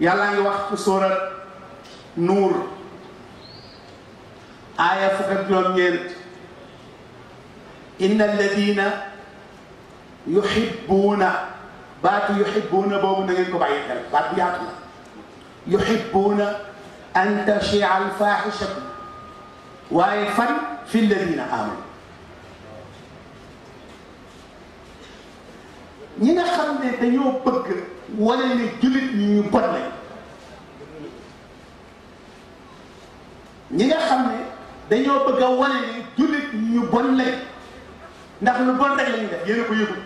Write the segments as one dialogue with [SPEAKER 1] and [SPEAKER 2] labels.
[SPEAKER 1] yàlla ngi wax ci sóorat nuur aaya fukk ak juróom-ñeent inna alladina yuhibbuuna baatu yuhibbuuna boobu na ngeen ko bàyyi xel baat bu yaatu la yuhibbuuna an tashia alfaaxishatu waaye fan fi alladina aamanu ñi nga xam ne dañoo bëgg wane ne jullit ñi ñu bon lañ ñi nga xam ne dañoo bëgg a wane jullit ñu bon lañ ndax lu bon rek lañ def yéen ko yëgul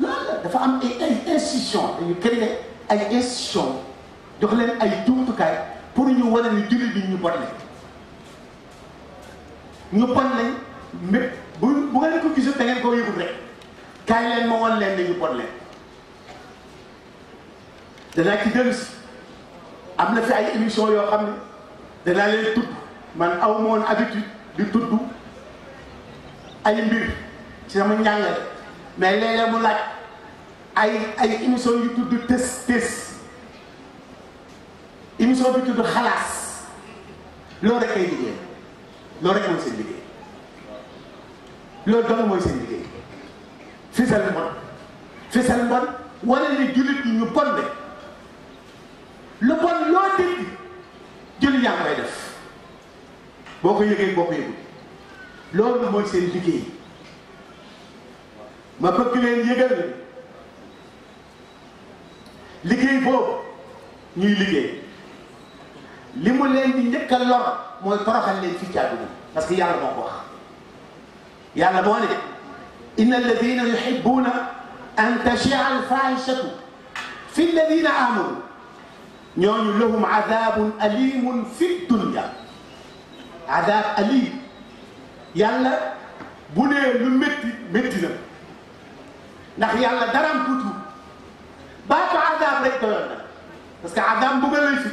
[SPEAKER 1] loolu dafa am ay ay institution dañu créé ay institution jox leen ay jumtukaay pour ñu wane ni jullit ñi ñu bon lañ ñu bon lañ mais bu bu ngeen ko gisee da koo yëgul rek kaay leen ma wan leen nañu bon leen danaa ci dellusi am na fi ay émission yoo xam ne danaa leen tudd man aw moon habitude di tudd ay mbir ci sama njàngale mais léeg-léeg mu laaj ay ay émission yu tudd tës tës émission bi tudd xalaas loolu rek ay liggéey loolu rek mooy seen liggéey loolu dong mooy seen liggéey fisal mbon fisal mbon wala ni jullit ñu bon de lu bon loo dégg jullit yaa ngi koy def boo ko yëgee boo ko yëgul loolu mooy seen liggéey ma bëgg leen yëgal liggéey boobu ñuy liggéey li mu leen di njëkk a lor mooy toroxal leen fii ci àdduna parce que yàlla moo ko wax yàlla moo ne إن الذين يحبون أن تشيع الفاحشة في الذين آمنوا ñooñu lahum adabun alimun fi dunya adab alim yàlla bu nee lu métti métti na ndax yàlla daraam tuuti baatu adab rek doyoon na parce que adab mbugal lay fi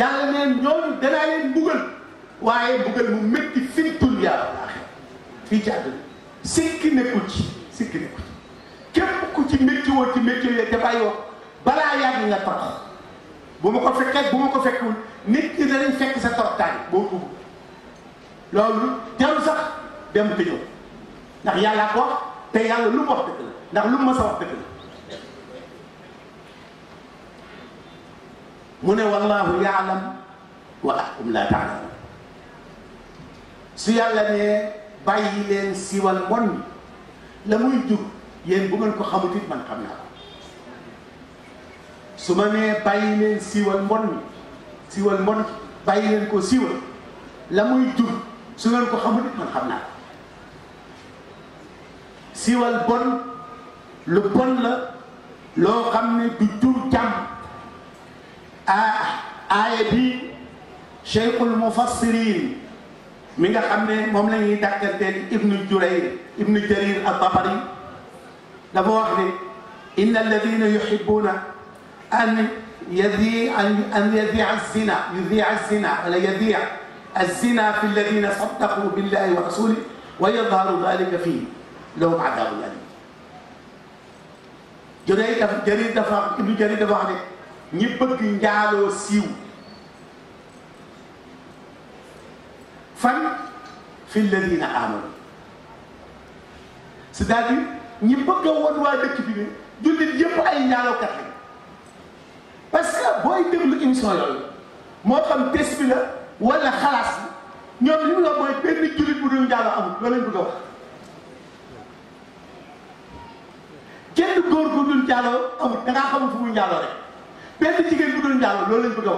[SPEAKER 1] yàlla neen ñooñu danaa leen mbugal waaye mbugal mu métti fi dunya wala fii ci àdduna sikki nekkul ci sikki nekkul ci képp ku ci métti ci métti yooyu te bàyyoo balaa yàgg nga torox bu ma ko fekkee bu ma ko fekkul nit ñi danañ fekk sa toroxtaay boo tuubu loolu teelu sax dem te ndax yàllaa ko wax te yàlla lu wax dëgg la ndax lu ma mës a wax dëgg la mu ne wallahu yaalam wa ahkum laa taalamun su yàlla ne bàyyi leen siwal mbon mi la muy jur yéen bu ngeen ko xamut it man xam naa ko su ma nee bàyyi leen siwal mbon mi siwal mbon mi bàyyi leen ko siwal la muy jur su ngeen ko xamut it man xam naa ko siwal bon lu bon la loo xam ne du jur jàmm a ah, aaya bi cheikhul mufassirin mi nga xam ne moom la ñuy dàkkanteel ibnu Juray ibnu Jarir at-Tabari dafa wax ne inna alladina yuhibbuna an yadi an yadia az-zina yudia az-zina wala yadia az-zina fi alladina saddaqu billahi wa rasulihi wa yadharu dalika fihim lahum adabun alim Juray daf Jarir dafa ibnu Jarir dafa wax ne ñi bëgg njaaloo siiw fan fi ladina amanu c'est-à-dire ñi bëgg a woon waa dëkk bi ne jullit yëpp ay ñaanookat lañ parce que booy déglu émission yooyu moo xam test bi la wala xalaas bi ñoom li la mooy benn jullit bu dul njaaloo amul loolu lañ bëgg a wax loolu lañ bëgg a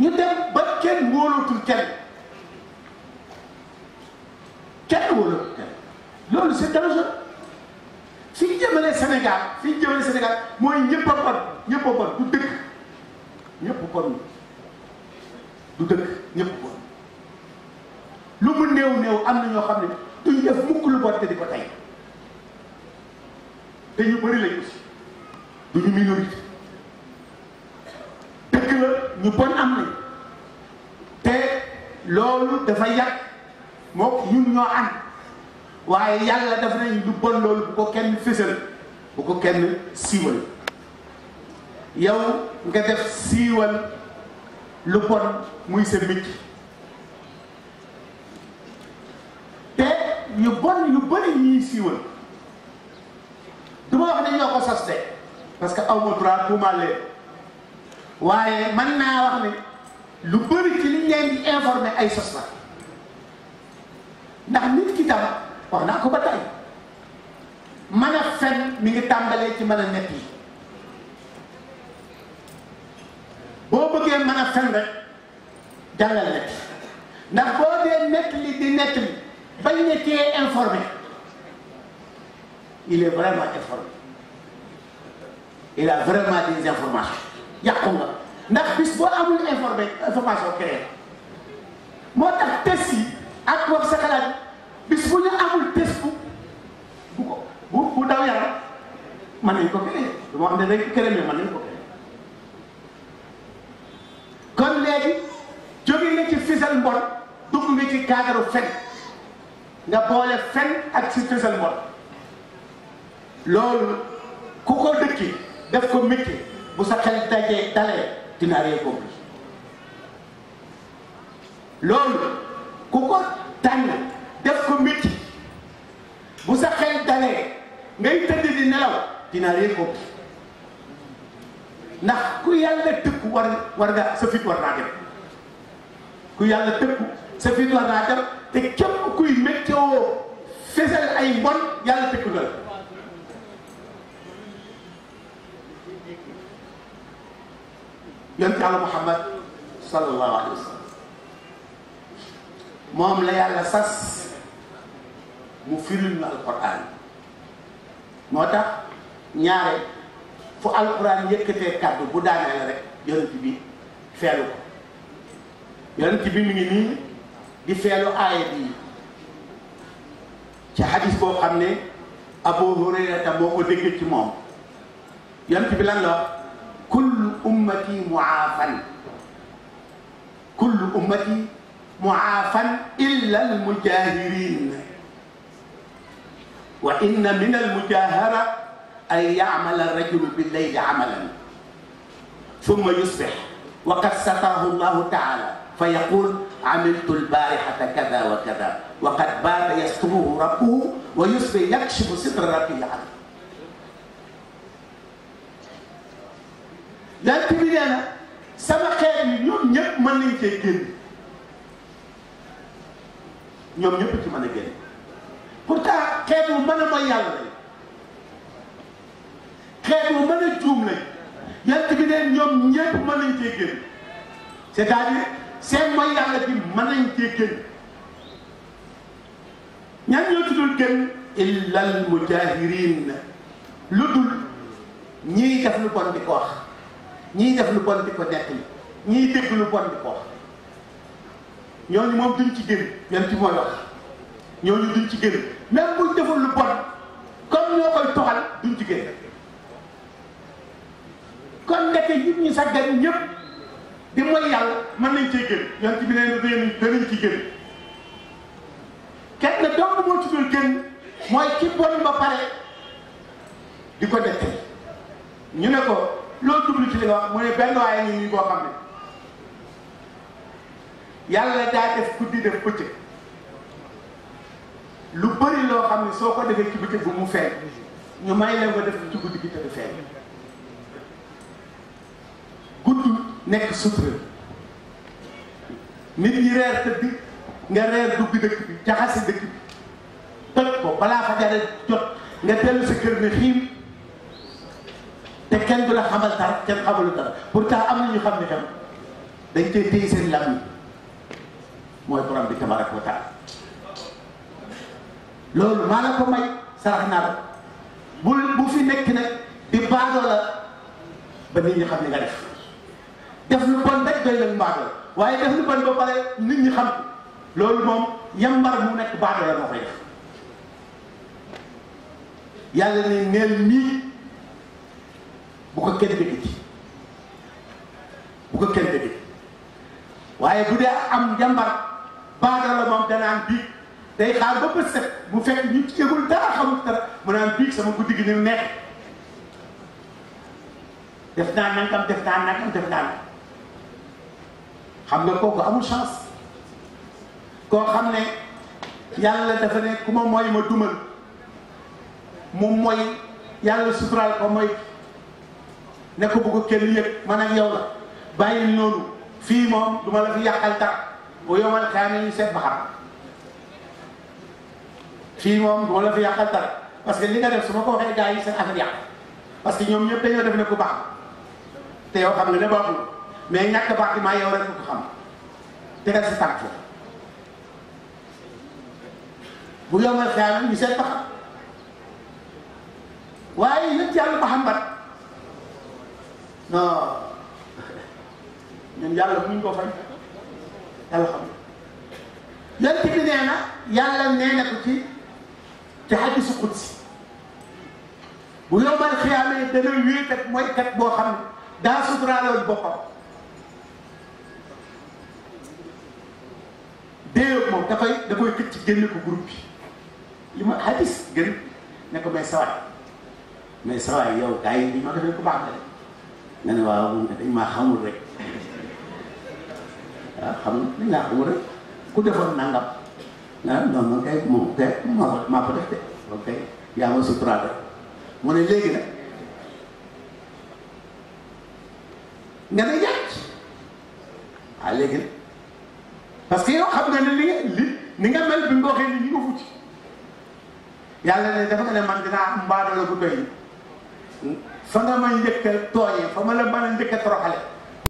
[SPEAKER 1] ñu dem kenn wóolootul kenn kenn wóolootul kenn loolu c'est dangereux fi ñu Sénégal fi ñu Sénégal mooy ñëpp a bon ñëpp a bon du dëkk ñëpp bon lu mu néew néew am na ñoo xam ne duñ def mukk lu bon te di ko tey te ñu bëri lañ aussi duñu minorité dëkk la ñu bon am nañ loolu dafa yàq mook ñun ñoo am waaye yàlla daf nañ lu bon loolu bu ko kenn fësal bu ko kenn siiwal yow nga def siiwal lu bon muy sa micc te yu bon yu bëri ñuy siiwal du ma wax ne ko sos parce que aw ma droit waaye mën naa wax ne lu bëri ci liñ leen di informé ay sos la ndax nit ki tam wax naa ko ba tey mën a fen mi ngi tàmbalee ci mën a nett yi boo bëggee mën a fen rek jàngal nett ndax boo dee nett li di nett li ne cee informé il est vraiment informé il a vraiment des informations ndax bis boo amul informé information créée moo tax test yi ak wax sa xalaat bis bu ñu amul test bu bu ko bu daw yaram mën nañ ko créé dama xam ne dañ ko créé mais mën nañ ko créé kon léegi jóge nga ci fisal mbon dugg nga ci cadre fen nga boole fen ak ci fisal mbon loolu ku ko dëkki def ko métti bu sa xel dajee dalee tu n'as rien compris loolu ku ko tànn def ko métti bu sa xel dalee ngay tëdd di nelaw tu n'as rien ndax ku yàlla tëkku war war nga sa fit war naa dem ku yàlla tëkku sa fit war naa dem te képp kuy météo fesal ay mbon yàlla tëkku na yonent yàlla Muhammad sallallahu alayhi wa moom la yàlla sas mu firil ñu alquran moo tax ñaare fu alquran yëkkatee kàddu bu daanee la rek yonent bi feelu ko yonent bi mu ngi nii di feelu aaya bi ci hadis boo xam ne Abu Hurayrata moo ko dégg ci moom yonent bi lan la wax ummati muaafan kullu ummati muaafan illa almujaahirin wa inna min almujaahara an yacmala arrajulu billayli camalan summa yusbix wa qad sataahu llahu tacaala fa yaqul عملت البارحة كذا وكذا وقد بات يستره ربه ويسري يكشف ستر ربه عنه yàlla ci sama xeet yi ñoom ñëpp mën nañ cee génn ñoom ñëpp ci mën a génn pourtant xeet wu mën a mooy yàlla lañ xeet wu mën a juum lañ yàlla ci biir nee ñoom ñëpp mën nañ cee génn cest seen mooy yàlla bi mën nañ cee génn ñan ñoo tuddul génn illal mujahirin lu dul ñiy def lu bon di ko ñiy def lu bon di ko nekk li ñiy lu bon di ko wax ñooñu moom duñ ci gën yan ci mooy wax ñooñu duñ ci gën même buñ deful lu bon comme ñoo koy toxal duñ ci gën kon ndeke nit ñi saggan ñëpp di mooy yàlla mën nañ ci gën yan ci bi nee n danañ ci gën kenn dong moo ci dul gën mooy ki bon ba pare di ko nekk ñu ne ko loolu jublu ci li nga wax mu ne benn waaye ngi nii boo xam ne yàlla daa def guddi def bëccëg lu bëri loo xam ne soo ko defee ci bëccëg bu mu feeñ ñu may leen ko def ci guddi gi te du feeñ guddi nekk sutura nit ñi reer tëdd nga reer dugg dëkk bi jaxase dëkk bi toj ko balaa fa jot nga dellu kër ne xiim te kenn du la xamal dara kenn xamalu dara pourtant am na ñu xam ne tam dañ koy téye seen lam yi mooy borom bi tabaraka wa taala loolu maa la ko may sarax naa la bu fi nekk nag di baadoo la ba nit ñi xam li nga def def lu bon rek doy leen baadoo waaye def lu bon ba pare nit ñi xam loolu moom yambar mu nekk baadoo la moo koy yàlla ne neel mii bu ko kenn déggati bu ko kenn déggati waaye bu dee am njàmbar baadala moom danaan biig day xaar ba bët set mu fekk ñu yëgul dara xamul mu naan biig sama guddi gi ni mu neex def naa nangam def naa nangam def naa nangam xam nga kooku amul chance koo xam ne yàlla dafa ne ku ma mooy ma dumal mu mooy yàlla suturaal ko mooy ne ko bu ko man ak yow la noonu fii moom du ma la fi yàqal dara bu yomal xaame ñu seet ba xam moom du la fi yàqal dara parce que li def su ma ko waxee yi seen affaire yàq parce que ñoom ñëpp dañoo def ne ku baax te yow xam nga ne baaxul mais ñàkk baax bi maa yow rek ko xam tegal si tànk foofu bu yomal xaame ñu seet ba waaye yëpp yàlla ba xam bat non ñun yàlla muñ ko fay yàlla xam na yonent bi nee na yàlla nee na ko ci ci hadiisu qudsi bu yombal xiyaamee dana wéet ak mooy kat boo xam ne daa suturaaloon boppam déew moom dafay da koy xëcc génne ko groupe bi li ma hadiis gën ne ko may sawaay may sawaay yow gars yi li ma defee ko baax na nga ne waaw moom dañ maa xamul rek waaw xam dañ laa xamul rek ku defoon nangam ah non non kay moom kay maa ko maa ko def de ok yaa ma suturaat mu ne léegi nag nga ne yàcc waaw léegi nag parce que yow xam nga li nga ni nga mel bi nga waxee ni ñu nga fucc yàlla ne dafa ne man dinaa am mbaadoo la bu doy fa nga may njëkk a tooñee fa ma la mën a njëkk a toroxale